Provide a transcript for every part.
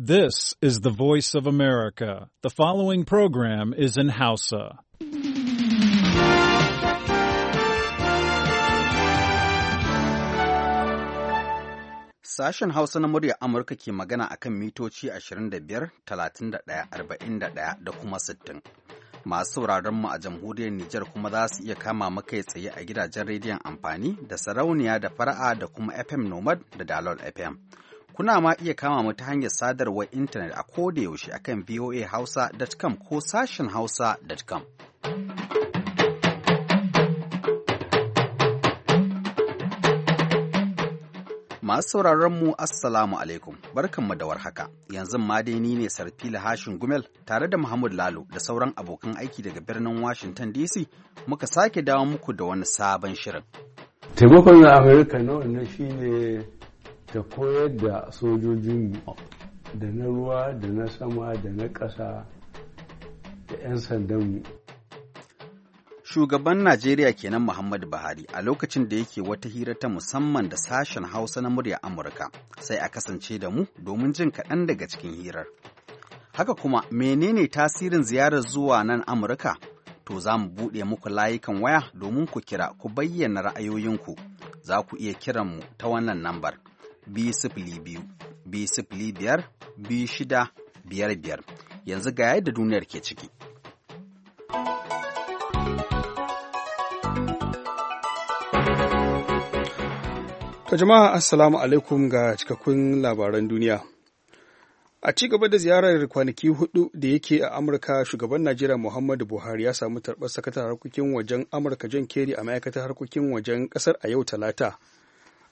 This is the voice of America. The following program is in Hausa. Sashen Hausa na murya Amurka ke magana a kan mitoci 25, 31, 41 da kuma 60. Masu sauraron mu a jamhuriyar Nijar kuma za su iya kama makai tsaye a gidajen rediyon amfani da sarauniya da fara'a da kuma FM Nomad da Dalol FM. Kuna ma iya kama mu ta hanyar sadarwar intanet a kodayaushe akan voahausa.com ko sashen hausa.com. Masu sauraron mu Assalamu alaikum, barkanmu da warhaka. Yanzu ma dai ni ne Sarfila Hashin Gumel tare da Muhammad Lalo da sauran abokan aiki daga birnin Washington DC muka sake dawo muku da wani sabon shirin. Taimakon na Amurka na wannan shine ta koyar da sojojinmu da na ruwa da na sama da na ƙasa da 'yan sandanmu. Shugaban Najeriya kenan Muhammadu Buhari a lokacin da yake wata hira ta musamman da sashen Hausa na murya Amurka sai a kasance da mu domin jin kaɗan daga cikin hirar. Haka kuma menene tasirin ziyarar zuwa nan Amurka? To za mu buɗe muku layukan waya domin ku kira ku bayyana ra'ayoyinku. Za ku iya kiranmu ta wannan lambar biyar yanzu ga yadda duniyar ke ciki. Ta jama'a assalamu alaikum ga cikakkun labaran duniya. A ci gaba da ziyarar kwanaki hudu da yake a Amurka shugaban Najeriya Muhammadu Buhari ya samu tarbar sakatar harkokin wajen Amurka John Kerry a ma'aikatar harkokin wajen kasar a yau talata.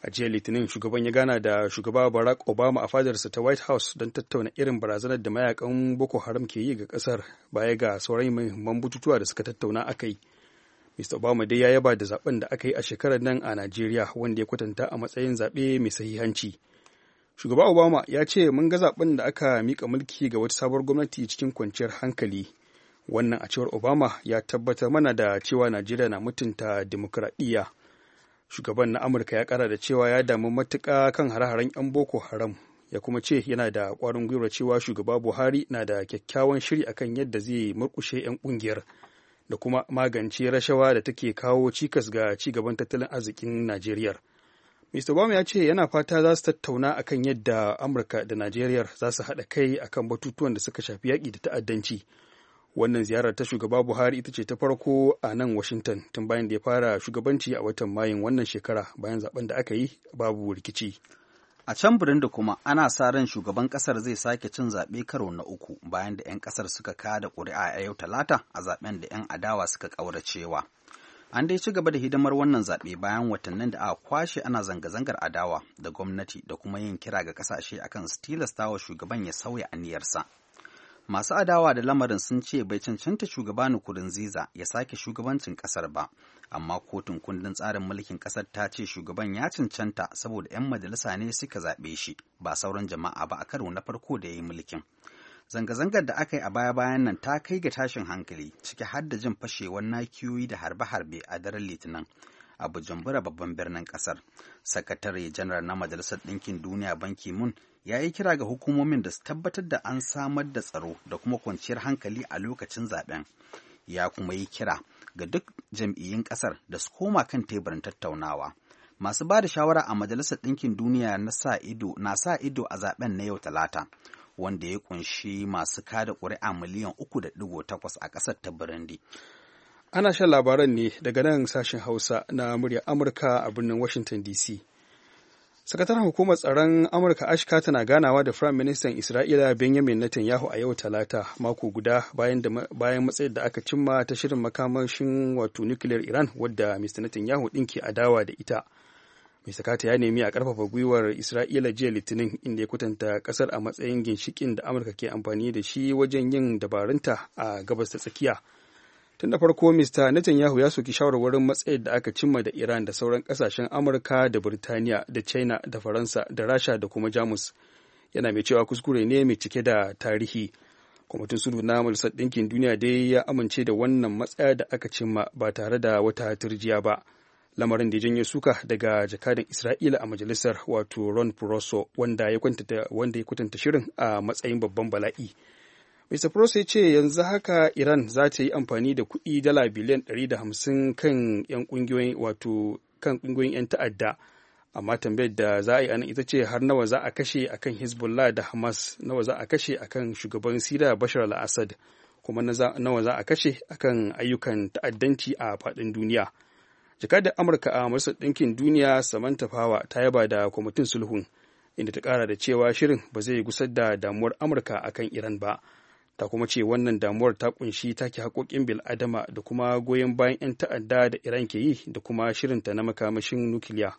a jiya litinin shugaban ya gana da shugaba barack obama a fadarsa ta white house don tattauna irin barazanar da mayakan boko haram ke yi ga kasar baya ga sauran muhimman bututuwa da suka tattauna aka yi mr obama dai ya yaba da zaben da aka yi a shekarar nan a nigeria wanda ya kwatanta a matsayin zaɓe mai sahihanci shugaba obama ya ce mun ga zaben da aka mika mulki ga wata sabuwar gwamnati cikin kwanciyar hankali wannan a cewar obama ya tabbatar mana da cewa najeriya na mutunta dimokuraɗiyya shugaban na amurka ya kara da cewa ya damu matuka kan hare-haren 'yan boko haram ya kuma ce yana da ƙwarin gwiwar cewa shugaba buhari na da kyakkyawan shiri akan yadda zai murkushe 'yan kungiyar da kuma magance rashawa da take kawo cikas ga cigaban tattalin arzikin najeriya mr obama ya ce yana fata za su tattauna akan yadda amurka da najeriya za su haɗa kai akan batutuwan da suka shafi yaƙi da ta'addanci wannan ziyarar ta shugaba buhari ita ce ta farko a nan washington tun bayan da ya fara shugabanci a watan Mayin wannan shekara bayan zaben da aka yi babu rikici a can da kuma ana sa ran shugaban kasar zai sake cin zaɓe karo na uku bayan da 'yan kasar suka kada ƙuri'a a yau talata a zaben da 'yan adawa suka ƙauracewa an dai ci gaba da hidimar wannan zaɓe bayan watannin da aka kwashe ana zanga-zangar adawa da gwamnati da kuma yin kira ga ƙasashe akan su shugaban ya sauya aniyarsa masu adawa da lamarin sun ce bai cancanta shugaba Ziza ya sake shugabancin kasar ba, amma kotun kundin tsarin mulkin kasar ta ce shugaban ya cancanta saboda 'yan majalisa ne suka zaɓe shi ba sauran jama'a ba a karo na farko da ya yi mulkin. Zanga-zangar da aka yi a baya-bayan nan ta kai ga tashin hankali ciki har da jin fashewar nakiyoyi da harbe-harbe a daren Litinin. a Bujumbura babban birnin kasar. Sakatare janar na Majalisar Ɗinkin Duniya Banki Mun. ya yi kira ga hukumomin da su tabbatar da an samar da tsaro da kuma kwanciyar hankali a lokacin zaɓen, ya kuma yi kira ga duk jam'iyyun ƙasar da su koma kan teburin tattaunawa masu ba da shawara a majalisar ɗinkin duniya na sa ido a zaɓen na yau talata wanda ya kunshi masu kada ƙuri'a miliyan uku da ɗigo takwas a ƙasar ta burundi ana shan labaran ne daga nan sashen hausa na murya amurka a birnin washington dc sakataren hukumar tsaron amurka ashka tana ganawa da firayim ministan isra'ila benjamin netanyahu a yau talata mako guda bayan matsayin da aka cimma ta shirin makamashin wato nukiliyar iran wadda mr netanyahu ɗin ke adawa da ita mai sakata ya nemi a karfafa gwiwar isra'ila jiya litinin inda ya kwatanta ƙasar a matsayin ginshikin da amurka ke amfani da shi wajen yin dabarunta a gabas ta tsakiya tun da farko mista netanyahu ya soki shawarwarin matsayin da aka cimma da iran da sauran kasashen amurka da birtaniya da china da faransa da rasha da kuma jamus yana mai cewa kuskure ne mai cike da tarihi kwamitin sulhu na majalisar ɗinkin duniya dai ya amince da wannan matsaya da aka cimma ba tare da wata turjiya ba lamarin da ya janyo suka daga jakadan isra'ila a majalisar wato ron proso wanda ya kwatanta shirin a matsayin babban bala'i Mr. Prose ya ce yanzu haka Iran za ta yi amfani da kuɗi dala biliyan 150 kan 'yan ƙungiyoyin wato kan ƙungiyoyin 'yan ta'adda. Amma tambayar da za a yi anan ita ce har nawa za a kashe akan Hezbollah da Hamas, nawa za a kashe akan shugaban Siriya Bashar al-Assad, kuma nawa za a kashe akan ayyukan ta'addanci a faɗin duniya. jaka da Amurka a Majalisar Ɗinkin Duniya Samantha Power ta yaba da kwamitin sulhun, inda ta ƙara da cewa shirin ba zai gusar da damuwar Amurka akan Iran ba. ta kuma ce wannan damuwar ta kunshi take haƙoƙin bil'adama da kuma goyon bayan 'yan ta'adda da iran ke yi da kuma shirinta na makamashin nukiliya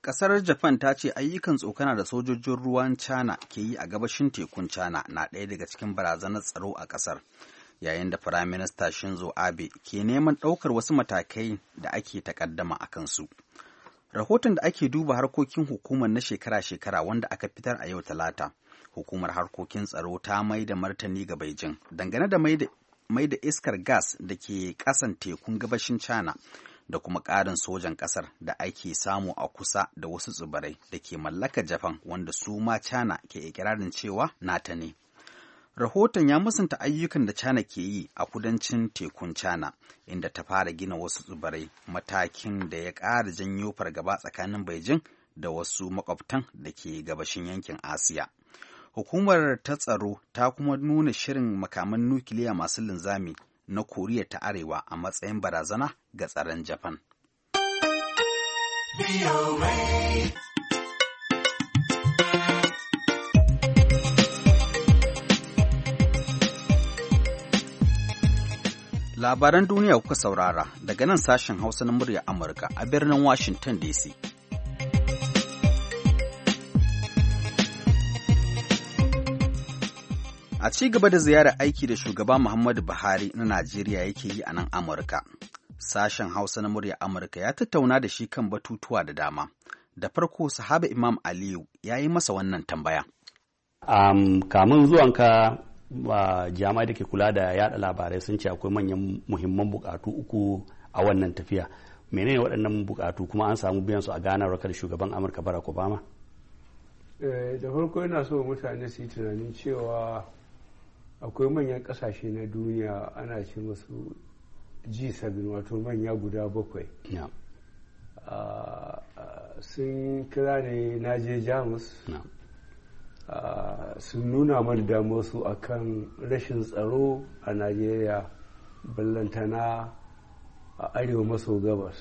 kasar japan ta ce ayyukan tsokana da sojojin ruwan china ke yi a gabashin tekun china na ɗaya daga cikin barazanar tsaro a kasar yayin da firayim minista shinzo abe ke neman ɗaukar wasu matakai da ake takaddama a kansu rahoton da ake duba harkokin hukumar na shekara-shekara wanda aka fitar a yau talata hukumar harkokin tsaro ta mai da martani ga beijing dangane da mai da iskar gas da ke kasan tekun gabashin china da kuma ƙarin sojan ƙasar da ake samu a kusa da wasu tsibirai da ke mallaka japan wanda su ma china ke ikirarin cewa nata ne rahoton ya musanta ayyukan da China ke yi a kudancin tekun China, inda ta fara gina wasu tsibirai matakin da ya ƙara janyo fargaba tsakanin Beijing da wasu makwabtan da ke gabashin yankin Asiya. Hukumar ta tsaro ta kuma nuna shirin makaman nukiliya masu linzami na Koriya ta Arewa a matsayin barazana ga tsaron Japan. Labaran duniya kuka saurara daga nan sashen Hausa na murya Amurka a birnin Washington DC. a ci gaba da ziyarar aiki da shugaba Muhammadu Buhari na Najeriya yake yi a nan Amurka. Sashen Hausa na murya Amurka ya tattauna da shi kan batutuwa da dama. Da farko sahaba Imam Aliyu ya yi masa wannan tambaya. Um, kamun zuwanka uh, jami'ai da ke kula da yada labarai sun ce akwai manyan muhimman bukatu uku a wannan tafiya. Menene waɗannan bukatu kuma an samu biyan su a ganawar da shugaban Amurka Barack Obama? Eh, da farko yana so mutane su yi tunanin cewa akwai manyan kasashe na duniya ana ci masu g7 wato manya guda bakwai ah, sun kira ne na je jamus ah, sun nuna mana su a kan rashin tsaro a najeriya ballantana a arewa maso gabas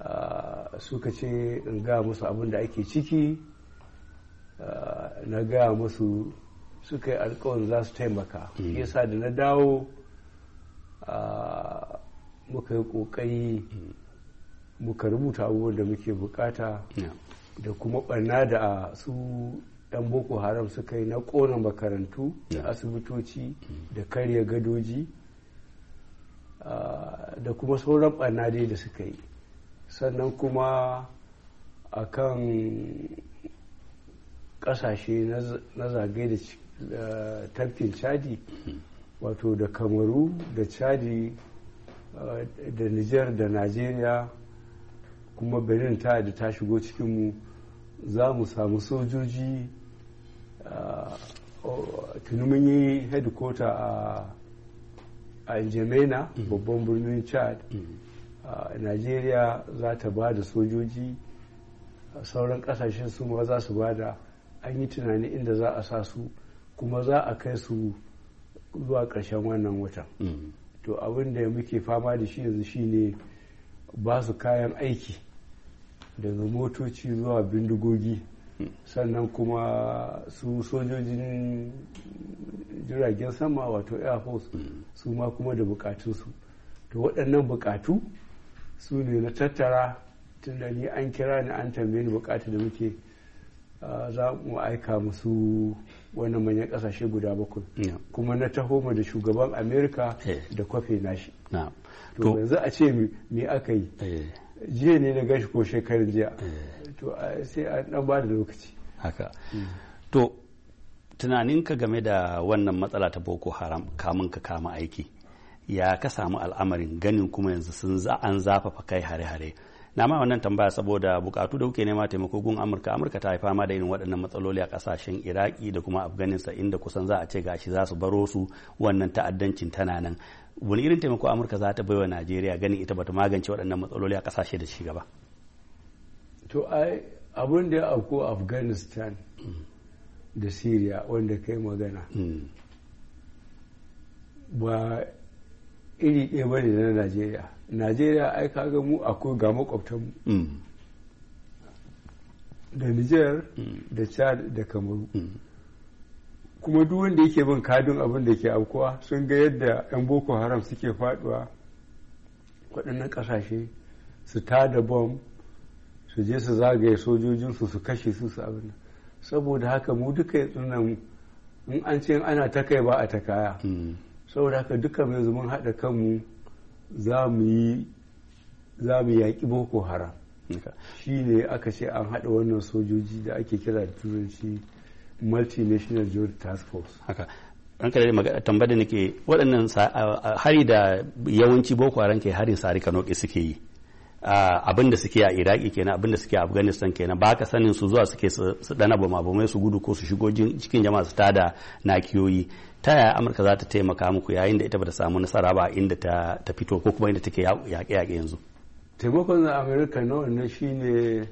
ah, suka ce in ga musu abin da ake ciki na gaya musu suka yi alkawarin za su taimaka hmm. yasa da na dawo muka yi kokari hmm. muka rubuta abubuwan da muke bukata da kuma barna da su yan boko haram suka yi na kona makarantu da asibitoci hmm. da karya gadoji da kuma sauran barna dai da suka yi sannan kuma akan kasashe na zagaye da tafkin chadi wato da kamaru da chadi da niger da nigeria kuma benin ta da ta shigo cikinmu za mu samu sojoji tuni mun yi headquarter a aljamena babban birnin chad nigeria za ta ba da sojoji sauran kasashen su ma za su ba da an yi tunani inda za a sa su kuma za a kai su zuwa ƙarshen wannan watan mm. to abin da muke fama da shi yanzu shine ba su kayan aiki daga motoci zuwa bindigogi mm. sannan kuma su sojojin jiragen sama wato air force mm. su ma kuma da bukatunsu to waɗannan bukatu su ne na tattara tun ni an kira ni an tambaye ni bukatu da muke za mu aika musu wani manyan kasashe guda bakwai kuma na taho mu da shugaban amerika eh. da kwafe nashi to yanzu a ce me aka yi eh. jiya ne na gashi ko shekarun jiya eh. to sai an dan ba da lokaci haka mm. to tunaninka game da wannan matsala ta boko haram kamun ka kama aiki ya ka samu al'amarin ganin kuma yanzu sun an zafafa kai hare-hare na ma wannan tambaya saboda bukatu da kuke nema taimako gun amurka amurka ta yi fama da irin waɗannan matsaloli a kasashen iraki da kuma afghanistan inda kusan za a ce gashi za su baro su wannan ta'addancin tana nan wani irin taimako amurka za ta baiwa najeriya ganin ita bata magance waɗannan matsaloli a kasashe da ci gaba to ai abun da ya auku afghanistan da syria wanda kai magana mm. ba iri ɗaya bane na najeriya najeriya ai kaga mu akwai ga makwabtanmu mm. da niger mm. da chad da kamaru mm. kuma duk wanda yake bin kadin abin da ke aukuwa sun ga yadda 'yan boko haram suke faduwa waɗannan ƙasashe su tada bom su je su zagaye sojojinsu su kashe su su abin saboda haka mu duka ya tsunan in an ce ana ta kai ba a ta kaya saboda haka duka mai zumun haɗa kanmu za mu yi za yaƙi boko haram shi ne aka ce an haɗa wannan sojoji da ake kira da turanci multinational joint task force haka an kare magana tambar da nake waɗannan hari da yawanci boko haram ke harin sari ke suke yi abin da suke a iraki kenan abin da suke a afghanistan kenan ba ka sanin su zuwa suke su dana bama mai su gudu ko su shigo cikin jama'a su tada nakiyoyi ta yaya amurka za ta taimaka muku yayin da ita ba ta samu nasara ba inda ta fito ko kuma inda take yaƙe-yaƙe yanzu taimakon na amurka na wannan shine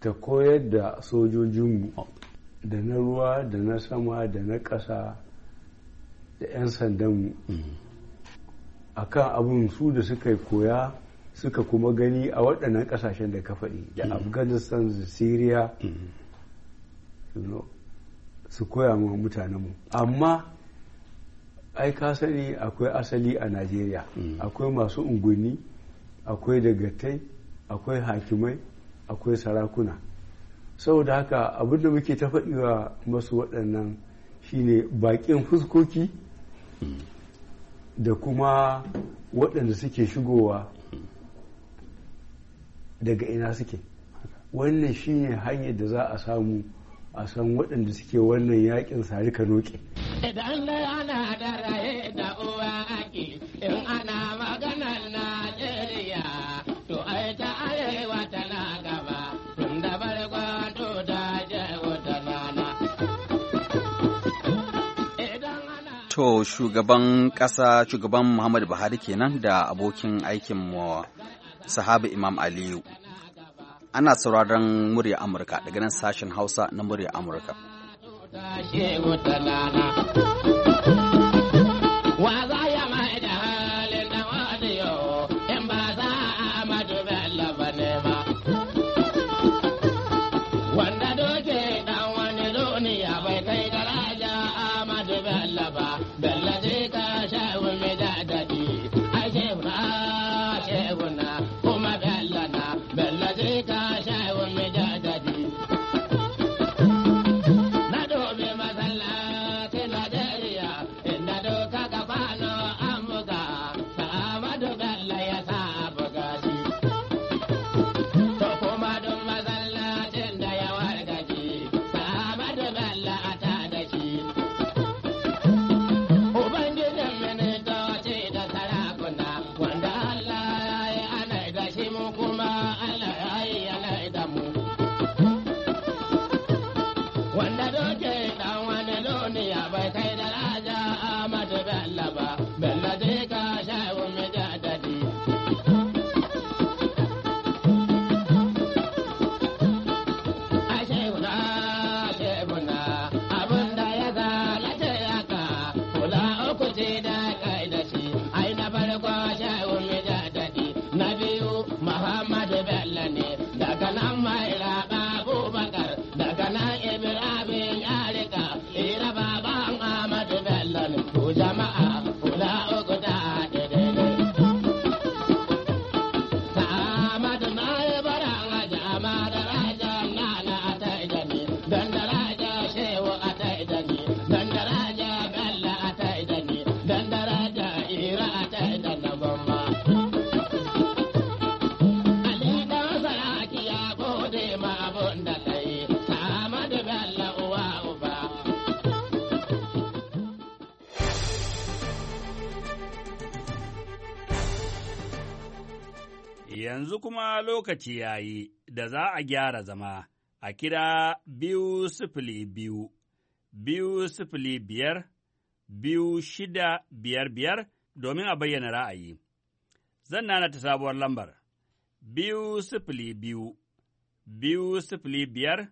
ta koyar da sojojinmu oh. da na ruwa da na sama da na ƙasa da 'yan sandanmu mm-hmm. akan abin su da suka koya suka kuma gani a waɗannan ƙasashen da ka faɗi da mm-hmm. afghanistan da syria mm-hmm. su koya ma mutanenmu amma ai ka sani akwai asali a najeriya mm. akwai masu unguni akwai dagatai akwai hakimai akwai sarakuna saboda haka abinda muke ta faɗiwa masu waɗannan shine baƙin fuskoki da kuma waɗanda suke shigowa daga ina suke wannan shine hanyar da za a samu a san waɗanda suke wannan yakin sari ka noke. To shugaban ƙasa shugaban Muhammadu Buhari kenan da abokin aikin mu sahabi Imam Aliyu. Ana sauraron murya Amurka daga nan sashen Hausa na murya Amurka. lokaci ya yi da za a gyara zama a kira biyu sifili biyu, biyu sifili biyar, biyu shida biyar biyar domin a bayyana ra'ayi. Zan nana ta sabuwar lambar, biyu sifili biyu, biyu sifili biyar,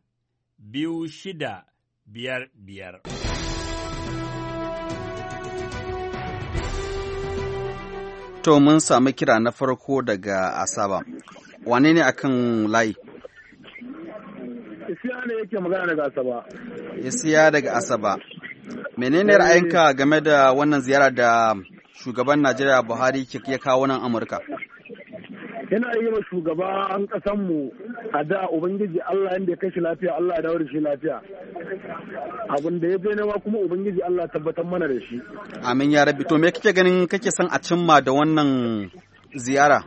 biyu shida biyar biyar. To mun sami kira na farko daga Asaba. wane ne akan layi Isiya ne yake magana daga Asaba. Isiya daga Asaba. Menene eh. ra'ayinka game da wannan ziyara da shugaban Najeriya Buhari ke ya kawo nan Amurka? Yana yi wa shugaban ƙasanmu a da Ubangiji Allah yadda ya kashi lafiya Allah ya dawo da shi lafiya. Abin da ya bai nema kuma Ubangiji Allah tabbatar mana da shi. Amin ya rabi To me kake ganin kake son a cimma da wannan ziyara?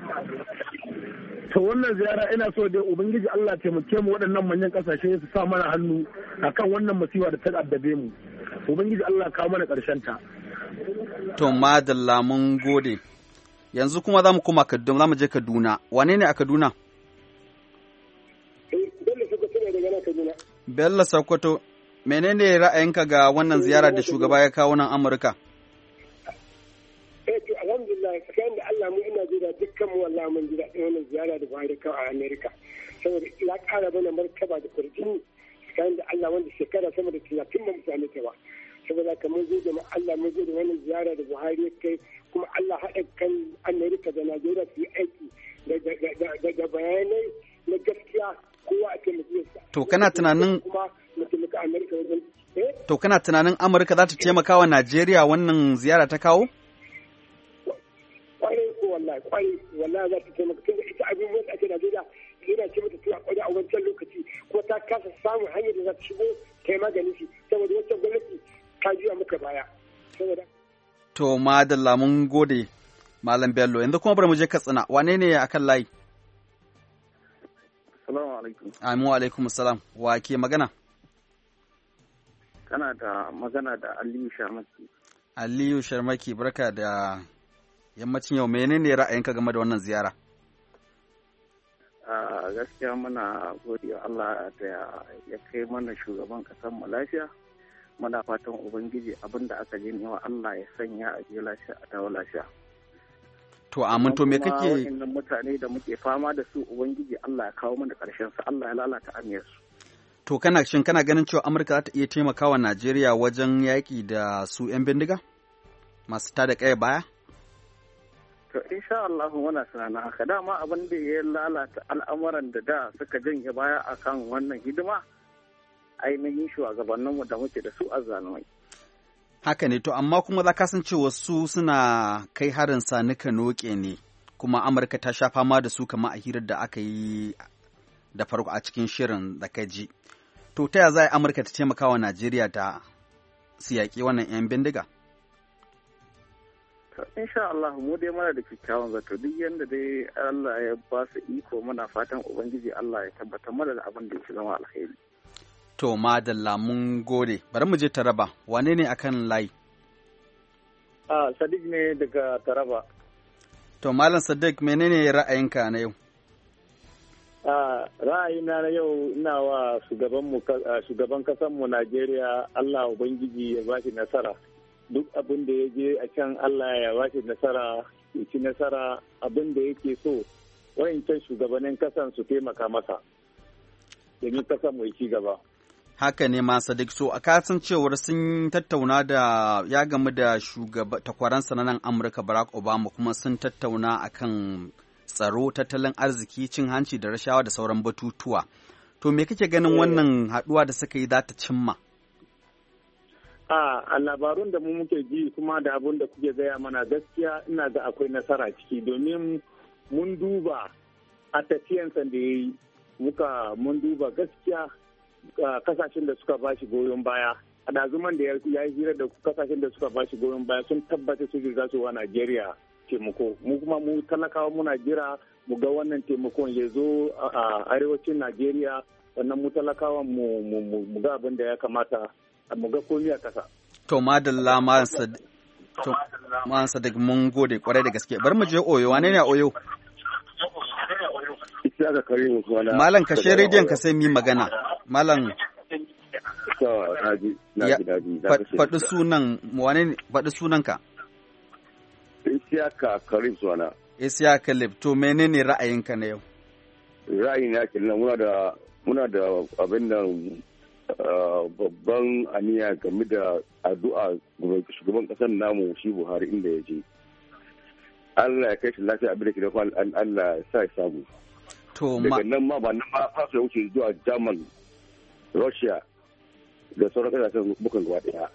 to wannan ziyara ina so da ubangiji Allah taimake mu waɗannan manyan kasashe su sa mana hannu a kan wannan masiwa da ta addabe mu ubangiji Allah kawo mana ƙarshen ta to madalla mun gode yanzu kuma za mu koma Kaduna za mu je Kaduna wane ne a Kaduna Bello Sokoto menene ra'ayinka ga wannan ziyara da shugaba ya kawo nan Amurka eh alhamdulillah gaskiya dukkan wallah mun ji daɗin wannan ziyara da Buhari kawai a Amerika saboda ya ƙara mana martaba da kurjini tsakanin da Allah wanda shekara sama da talatin ba mu same ta ba saboda ka mun zo da Allah mun zo da wannan ziyara da Buhari ya kai kuma Allah haɗa kan Amerika da Najeriya su yi aiki da bayanai na gaskiya kowa a taimake to kana tunanin kuma mu taimaka Amerika wajen eh? to kana tunanin Amurka za ta taimaka wa Najeriya wannan ziyara ta kawo? wallahi kwari wallahi taimaka tunda ita abubuwan da Najeriya yana ce mata tuwa a wancan lokaci ko ta kasa samun hanyar da za ta shigo ta yi magani shi saboda wancan gwamnati baya gode Malam Bello yanzu kuma bari mu je Katsina wane ne akan layi? Salamu alaikum. Amin alaikum salam wa ke magana? Kana da magana da Aliyu Sharmaki. Aliyu Sharmaki barka da yammacin yau menene ra'ayinka game da wannan ziyara gaskiya muna godiya Allah da ya kai mana shugaban kasar lafiya muna fatan ubangiji abin da aka jini wa Allah ya sanya a je lafiya a dawo lafiya to amin to me kake mutane da muke fama da su ubangiji Allah ya kawo mana karshen su Allah ya lalata amiyar su to kana shin kana ganin cewa Amurka za ta iya taimakawa Najeriya wajen yaƙi da su 'yan bindiga masu tada kaya baya To insha Allah muna tunanin haka ma abin da ya lalata al'amuran da da suka janye baya akan wannan hidima ainihin shugabanninmu da muke da su a Haka ne to amma kuma za ka san cewa su suna kai harin nuka noke ne kuma Amurka ta sha fama da su kama a hirar da aka yi da farko a cikin shirin da ka ji. To ta ya za a Amurka ta taimaka wa Najeriya ta su yaƙi wannan 'yan bindiga? sha Allah mu dai mana da kyakkyawan zato duk yadda dai Allah ya ba su iko muna fatan ubangiji Allah ya tabbatar mana da abin da ya zama alheri to madalla mun gode bari mu je taraba wane ne akan layi a sadiq ne daga taraba to malam sadiq menene ra'ayinka na yau a ra'ayina na yau ina wa shugaban mu najeriya allah ubangiji ya ba shi nasara duk abin da ya je a can Allah ya bashi nasara ya ci nasara abin da yake so wayancan shugabannin kasan su taimaka masa domin kasan mai ci gaba. Haka ne ma Sadiq so a kasan cewar sun tattauna da ya gamu da shugaba takwaransa na Amurka Barack Obama kuma sun tattauna akan tsaro tattalin arziki cin hanci da rashawa da sauran batutuwa. To me kake ganin eh. wannan haɗuwa da suka yi za ta cimma? a labarun da mu muke ji kuma da abun da kuke gaya mana gaskiya ina ga akwai nasara ciki domin mun duba a tafiyansa da ya yi muka mun duba gaskiya kasashen da suka bashi goyon baya a dazuman da ya yi da kasashen da suka bashi goyon baya sun tabbata su riga su wa najeriya taimako mu kuma mu talakawa muna jira mu ga wannan taimakon ya zo a arewacin najeriya sannan mu talakawa mu ga abin da ya kamata amma ga komi a ƙasa. To madalla ma'an sadik mun gode kwarai da gaske bari mu je oyo wane ne oyo? Malam ka she rediyon ka sai mi magana. Malam faɗi sunan wane faɗi sunan ka? Isiyaka Karim suna. Isiyaka Lipto menene ra'ayinka na yau? Ra'ayin ya kenan muna da muna da abin da Ah, babban aniya game da addu'a shugaban kasar namu shi buhari inda ya je allah ya kai shi lafiya abin da ke dafa allah ya sa ya samu daga nan ma ba nan ma fasa wuce zuwa german russia da sauran kasashen bukan gaba daya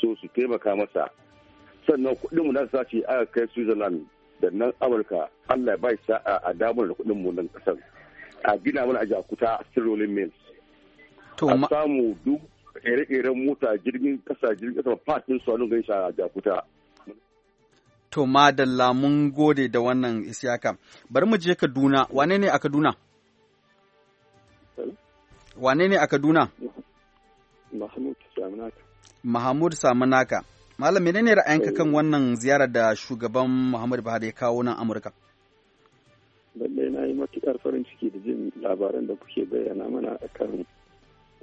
so su taimaka masa sannan mu na sashi aka kai switzerland da nan amurka allah ya bai sa'a a damar da mu nan kasar a gina mana a jakuta a sirrolin mills a samu duk ire-iren mota jirgin kasa jirgin kasa fatin su wani gaisa a jakuta. To madalla mun gode da wannan isiyaka. Bari mu je Kaduna, wane ne a Kaduna? Wane ne a Kaduna? Mahmud Samunaka. Mahmud Samunaka. Malam ra'ayin ra'ayinka kan eh. wannan ziyarar da shugaban Muhammadu Buhari ya kawo nan Amurka? Lallai na yi matukar farin ciki da jin labaran da kuke bayyana mana a kan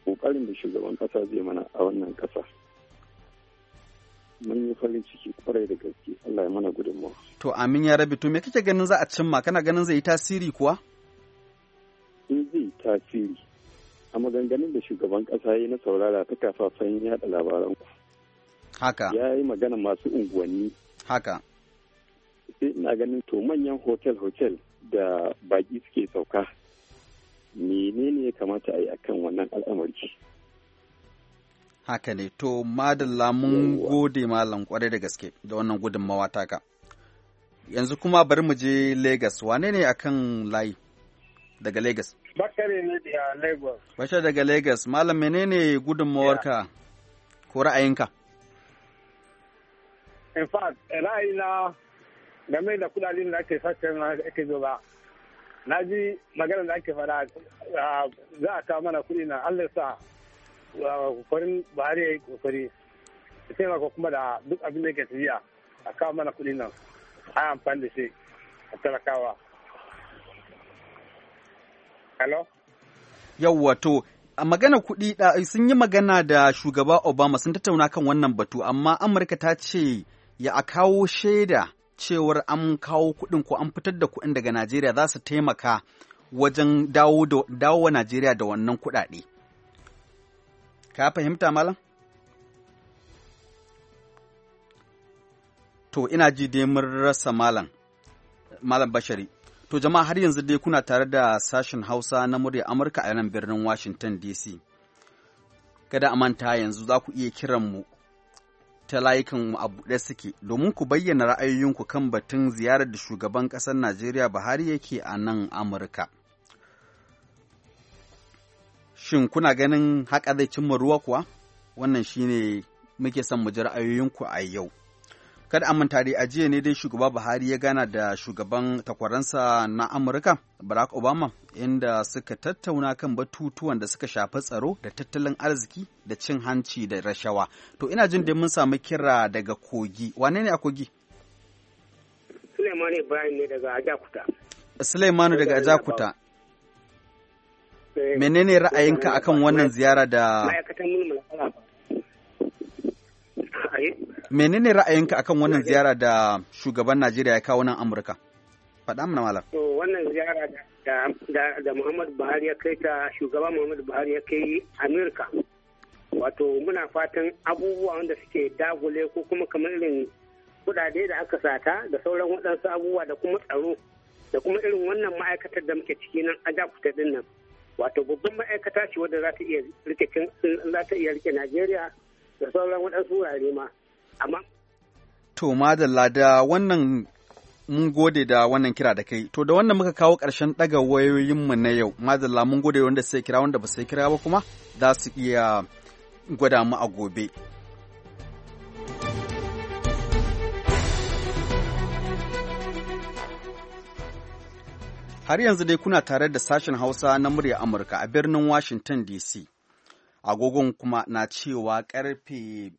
kokarin da shugaban kasa zai mana a wannan kasa. Mun yi farin ciki kwarai da gaske Allah ya mana gudunmawa. To amin ya rabi to me kake ganin za a cimma kana ganin zai yi tasiri kuwa? In zai tasiri a maganganun da shugaban kasa ya na saurara ta kafafen yaɗa labaran ku. Haka. Ya yi magana masu unguwanni. Haka. Sai ina ganin to manyan hotel-hotel da baki suke sauka menene ya kamata a yi akan wannan al'amari haka ne to madalla mun gode malam kwarai da gaske da wannan gudunmawa taka yanzu kuma bari mu je lagos wane ne akan layi daga lagos bakare ne da lagos bashar daga lagos malam menene gudunmawarka ko ra'ayinka in fact ra'ayina game da kudaden da ake sace ake zo ba na ji magana da ake fara za a kawo mana kuɗi na allah sa kokarin buhari ya yi kokari da taimaka kuma da duk abin da ke tafiya a kawo mana kuɗi nan a amfani da shi a talakawa hello yawwa to a magana kuɗi sun yi magana da shugaba obama sun tattauna kan wannan batu amma amurka ta ce ya a kawo shaida cewar an kawo kuɗin ko an fitar da kuɗin daga Najeriya za su taimaka wajen dawo wa Najeriya da wannan kuɗaɗe. Ka fahimta malam? To ina ji dai mun rasa malam, malam Bashari. To jama'a har yanzu dai kuna tare da sashen Hausa na murya Amurka a nan birnin Washington DC. Kada a manta yanzu za ku iya kiran mu ta layukan a buɗe suke domin ku bayyana ra'ayoyinku kan batun ziyarar da shugaban ƙasar Najeriya Buhari yake a nan Amurka. Shin kuna ganin haka zai cimma ruwa kuwa? Wannan shine muke son mu ji ra'ayoyinku a yau. kada a manta dai a jiya ne dai shugaba buhari ya gana da shugaban takwaransa na amurka barack obama inda suka tattauna kan batutuwan da suka shafi tsaro da tattalin arziki da cin hanci da rashawa to ina jin dai mun samu kira daga kogi wane ne a kogi suleiman ibrahim ne daga ajakuta suleiman daga ajakuta eh. menene ra'ayinka akan wannan ziyara da menene ra'ayinka akan wannan ziyara da shugaban Najeriya ya kawo nan Amurka? Faɗa mana malam. To wannan ziyara da Muhammad Buhari ya kai ta shugaba Muhammad Buhari ya kai Amurka. Wato muna fatan abubuwa wanda suke dagule ko kuma kamar irin kudade da aka sata da sauran waɗansu abubuwa da kuma tsaro da kuma irin wannan ma'aikatar da muke ciki nan a jakuta din nan. Wato babban ma'aikata ce wadda za ta iya rike Najeriya da sauran waɗansu wurare ma. to madalla da wannan mun gode da wannan kira da kai to da wannan muka kawo ƙarshen ɗaga wayoyinmu na yau madalla mun gode wanda sai kira wanda ba sai kira ba kuma za su iya gwada mu a gobe har yanzu dai kuna tare da sashen hausa na murya amurka a birnin washington dc agogon kuma na cewa ƙarfe.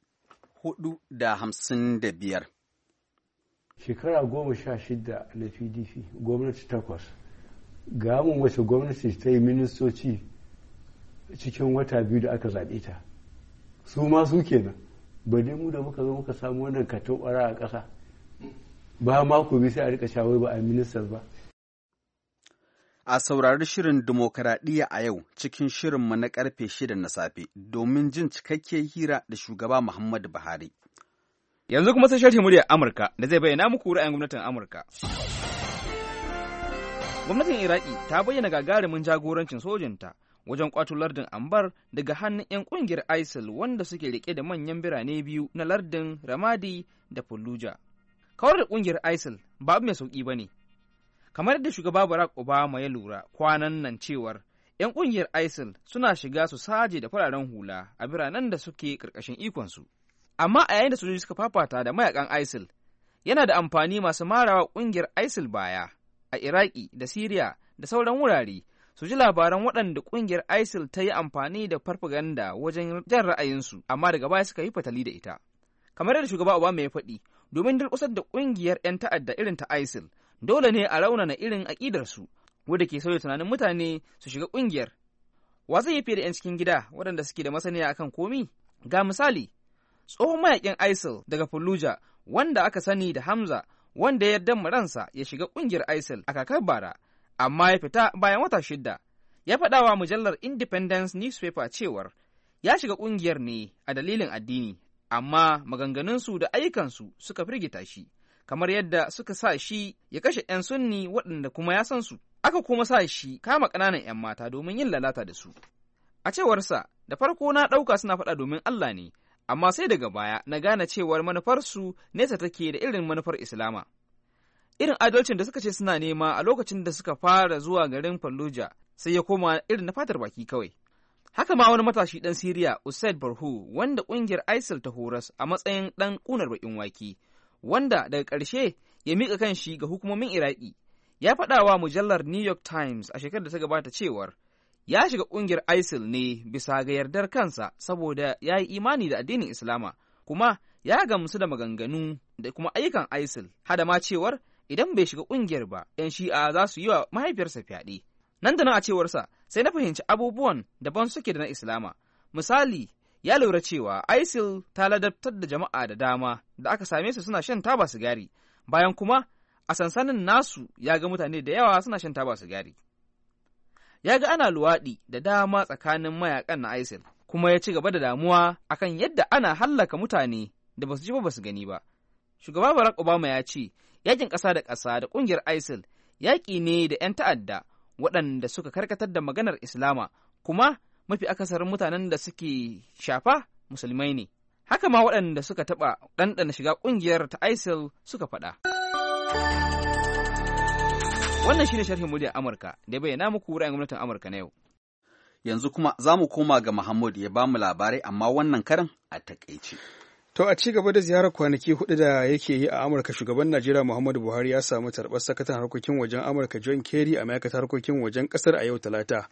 hudu da hamsin da biyar. Shekara goma sha shida na PDP gwamnati takwas gamun wace gwamnati ta yi ministoci cikin wata biyu da aka zaɓe ta su ma su kenan ba dai mu da muka zo muka samu wannan katon ƙwara a ƙasa ba mako ku bi sai a rika shawai ba a ministan ba a saurari shirin Dimokuraɗiyya a yau cikin shirinmu na karfe shida na safe domin jin cikakke hira da shugaba Muhammadu Buhari. Yanzu kuma sai sharhi muryar Amurka da zai bayyana muku ra'ayin gwamnatin Amurka. Gwamnatin Iraki ta bayyana gagarumin jagorancin sojinta wajen kwato lardin Ambar daga hannun 'yan kungiyar ISIL wanda suke rike da manyan birane biyu na lardin Ramadi da Fallujah. Kawar da kungiyar ISIL ba mai sauki ba ne, kamar yadda shugaba barack obama ya lura kwanan nan cewar 'yan ƙungiyar isil suna shiga su saje da fararen hula a biranen da suke ƙarƙashin ikonsu amma a yayin da sojoji suka fafata da mayakan isil yana da amfani masu marawa ƙungiyar isil baya a iraki da siriya da sauran wurare su ji labaran waɗanda ƙungiyar isil ta yi amfani da farfaganda wajen jan ra'ayinsu amma daga baya suka yi fatali da ita kamar yadda shugaba obama ya faɗi domin durƙusar da ƙungiyar 'yan ta'adda irin ta isil dole ne a raunana irin aƙidarsu wadda ke sauya tunanin mutane su shiga ƙungiyar. Wa zai yi fiye da 'yan cikin gida waɗanda suke da masaniya akan komi? Ga misali, tsohon mayakin ISIL daga Fallujah wanda aka sani da Hamza wanda ya yarda ransa ya shiga ƙungiyar ISIL a kakar bara, amma ya fita bayan wata shidda. Ya faɗa wa mujallar Independence Newspaper cewar ya shiga ƙungiyar ne a dalilin addini, amma maganganunsu da ayyukansu suka firgita shi. kamar yadda suka sa shi ya kashe 'yan sunni waɗanda kuma ya san su aka kuma sa shi kama ƙananan 'yan mata domin yin lalata da su a cewarsa da farko na ɗauka suna faɗa domin Allah ne amma sai daga baya na gane cewar manufarsu nesa take da irin manufar islama irin adalcin da suka ce suna nema a lokacin da suka fara zuwa garin fallujah sai ya koma irin na fatar baki kawai haka ma wani matashi ɗan siriya usaid barhu wanda ƙungiyar isil ta horas a matsayin ɗan ƙunar baƙin wake wanda daga ƙarshe ya miƙa kanshi ga hukumomin Iraki. Ya faɗa wa mujallar New York Times a shekarar da ta gabata cewar ya shiga ƙungiyar ISIL ne bisa ga yardar kansa saboda ya yi imani da addinin Islama kuma ya gamsu da maganganu da kuma ayyukan ISIL hada ma cewar idan bai shiga ƙungiyar ba 'yan shi'a za su yi wa mahaifiyarsa fyaɗe. Nan da nan a cewarsa sai na fahimci abubuwan daban suke da na Islama misali ya lura cewa isil ta ladabtar da jama'a da dama da aka same su suna shan taba sigari bayan kuma a sansanin nasu ya ga mutane da yawa suna shan taba sigari ya ga ana luwaɗi da dama tsakanin mayakan na isil kuma ya ci gaba da damuwa akan yadda ana hallaka mutane da basu ji ba basu gani ba shugaba barack obama ya ce yakin ƙasa da ƙasa da ƙungiyar isil yaƙi ne da 'yan ta'adda waɗanda suka karkatar da maganar islama kuma mafi akasarin mutanen da suke shafa musulmai ne haka ma waɗanda suka taɓa ɗanɗana shiga ƙungiyar ta isil suka faɗa wannan shine sharhin muryar amurka da bayyana muku ra'ayin gwamnatin amurka na yau yanzu kuma za mu koma ga Muhammad ya ba mu labarai amma wannan karan a takaice. To a ci gaba da ziyarar kwanaki hudu da yake yi a Amurka shugaban Najeriya Muhammadu Buhari ya samu tarbar sakataren harkokin wajen Amurka John Kerry a ma'aikatar harkokin wajen kasar a yau Talata.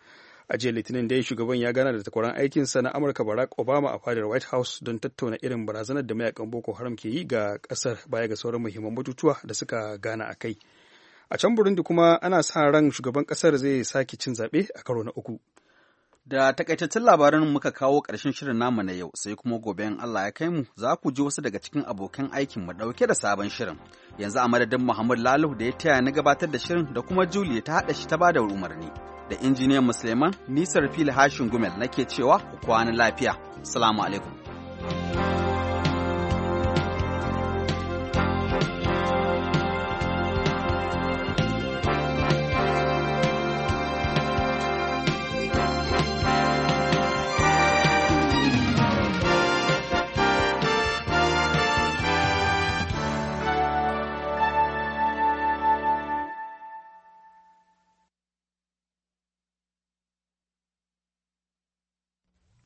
a jiya litinin dai shugaban ya gana da takwaran aikinsa na amurka barack obama a fadar white house don tattauna irin barazanar da mayakan boko haram ke yi ga kasar baya ga sauran muhimman batutuwa da suka gana a kai a can burundi kuma ana sa ran shugaban kasar zai sake cin zaɓe a karo na uku Da takaitaccen labaran muka kawo ƙarshen shirin namu na yau sai kuma gobe in Allah ya kai mu za ku ji wasu daga cikin abokan aikin mu ɗauke da sabon shirin. Yanzu a madadin Muhammad Lalu da ya taya na gabatar da shirin da kuma Julie ta haɗa shi ta bada umarni. Da injiniyan Musulman Nisar Fili Hashin Gumel nake cewa ku kwana lafiya. Assalamu alaikum.